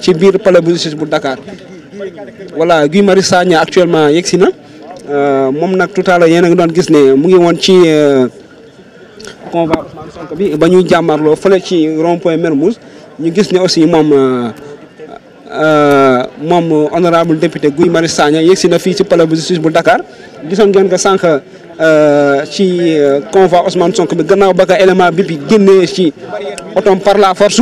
ci biir palais bu justice Dakar voilà Guy mari Sagna actuellement yegg si na euh, moom nag tout à l'heure doon gis ne mu ngi woon ci euh, convoi Ousmane Sonko bi ba ñuy jàmmarloo fële ci rond point ñu gis ne aussi moom euh, moom honorable député Guy mari Sagna yegg si na fii ci palais bu bu Dakar gisoon ngeen ko sànq ci convoi osman sonk bi gannaaw ba ka élément bi bi génnee ci otom par la force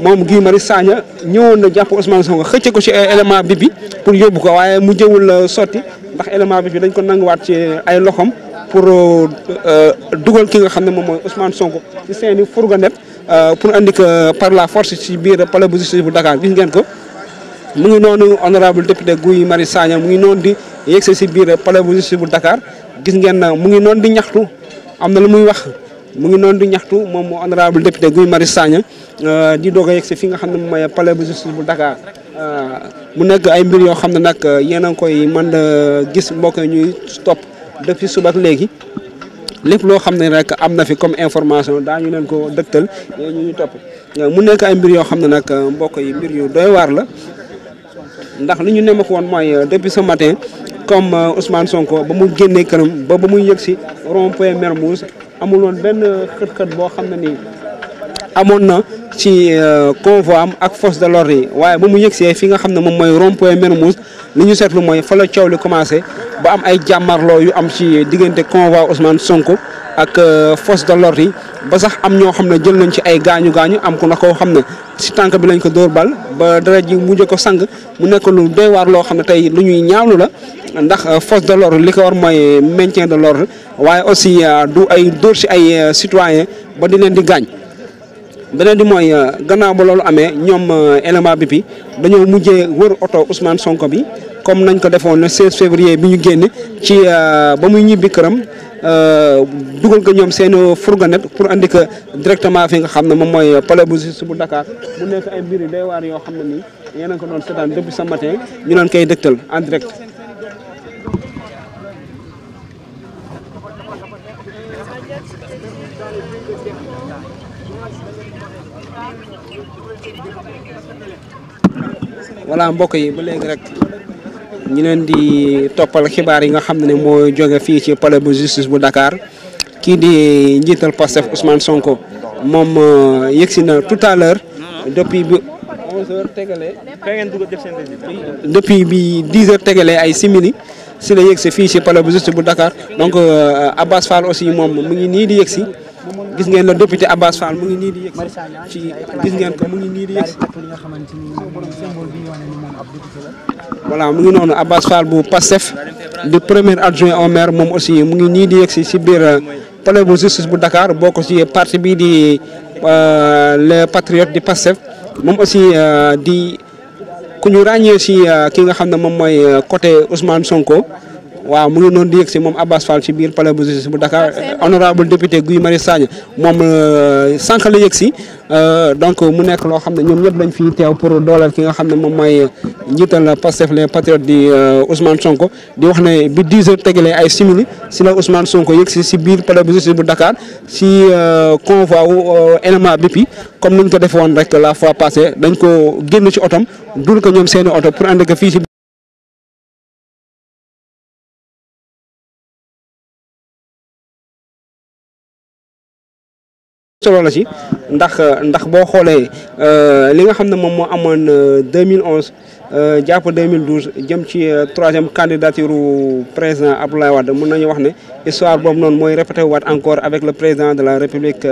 moom Guy Marius Sagna ñëwoon na jàpp Ousmane Sonko xëcce ko ci élément bi bi pour yóbbu ko waaye mu jëwul euh, sotti ndax élément bi bi dañ ko nanguwaat ci euh, ay loxom pour euh, dugal ki nga xam ne moom mooy Ousmane Sonko ci seeni fourgonnette pour andi par la force ci biir palais bu justice bu Dakar gis ngeen ko mu ngi noonu honorable député Guy mari Sagna mu ngi noonu di yegg si biir palais bu justice bu dakaar gis ngeen mu ngi noonu di ñaxtu am na lu muy wax mu ngi noonu du ñaxtu moom moo honorable député Guy Marius Sagna euh, di doog a yegg si fi nga xam ne moom mooy palais bu justice bu Dakar euh, mu nekk ay mbir yoo xam ne nag euh, yéen a ngi koy mën gis mbokk ñuy topp depuis suba ak léegi lépp loo xam ne rek am na fi comme information daañu leen ko dëgtal ñu ñu nekk ay mbir yoo xam ne nag mbokk yi mbir yu doy waar la ndax li ñu nemmeeku woon mooy depuis ce matin comme Ousmane Sonko ba mu génnee këram ba ba muy yëg si rond amuloon benn xët-xët boo xam ne ni amoon na ci euh, convoi am ak force de l'ordre yi waaye ba mu see fi nga xam ne moom mooy rond-point Mermoz li ñu seetlu mooy fa la coow li commencé ba am ay jàmmarloo yu am ci diggante convoi Ousmane Sonko ak euh, force de l'ordre yi ba sax am ñoo xam ne jël nañ ci ay gaañu gaañu am ku na koo xam ne si tànk bi lañ ko dóor bal ba dara ji mujj ko sang mu nekk lu doy waar loo xam ne tey lu ñuy ñaawlu la ndax euh, force de l'ordre li ko war mooy maintien de l'ordre waaye aussi euh, du ay dóor si ay euh, citoyen ba di leen di gaañ beneen di mooy gannaaw ba loolu amee ñoom élément bi bi dañoo mujjee wër oto Ousmane Sonko bi comme nañ ko defoon le 16 février bi ñu génne ci ba muy ñibbi këram dugal ko ñoom seen fourgonnette pour andi ko directement fi nga xam na moom mooy palais bu justice bu Dakar bu nekk ay mbir yu day waar yoo xam ne ni yéen a ko doon seetaan depuis ce matin ñu leen koy dëgtal en voilà mbokk yi ba léegi rek ñu leen di toppal xibaar yi nga xam ne mooy jóge fii ci palais bu justice bu Dakar kii di njiital Pastef Ousmane Sonko moom euh, yegsi na tout à l'heure depuis bi 11 heures tegalee depuis bi 10 heures tegalee ay simili si la yegsi fii si pale bu juste bu Dakar donc euh, Abbas Fall aussi moom mu ngi nii di yegsi gis ngeen la député Abbas Fall mu ngi nii di yegsi ci gis ngeen ko mu ngi nii di yegsi voilà mu noonu Abbas Fall bu Pastef di premier adjoint au maire moom aussi mu ngi nii di yegsi si biir euh, palais bu justice bu Dakar bokk ci parti bi di euh, les patriotes di Pastef moom aussi di. ku ñu ràññee si euh, ki nga xam ne moom mooy euh, côté Ousmane Sonko waaw mu ngi noonu di yëg moom Abass Fall ci biir palais bu justice honorable député Guy Marius Sagna moom euh, sànq la yëg euh, donc mu nekk loo xam ne ñoom ñëpp dañ fi teew pour dooleel ki nga xam ne moom mooy njiital Pastef les patriotes di euh, Ousmane Sonko di wax ne bi 10 heures tegalee ay simili si la Ousmane Sonko yëg si si biir palais bu justice bu Dakar si convoi wu élément bépp comme ni ñu ko defee woon rek la fois passée dañ ko génn ci otom dul ko ñoom seeni solo ndax ndax boo xoolee euh, li nga xam ne moom moo amoon 2011 euh, euh, jàpp 2012 jëm ci troisième candidature président Abdoulaye Wade mun nañu wax ne histoire boobu noon mooy répété waat encore avec le président de la République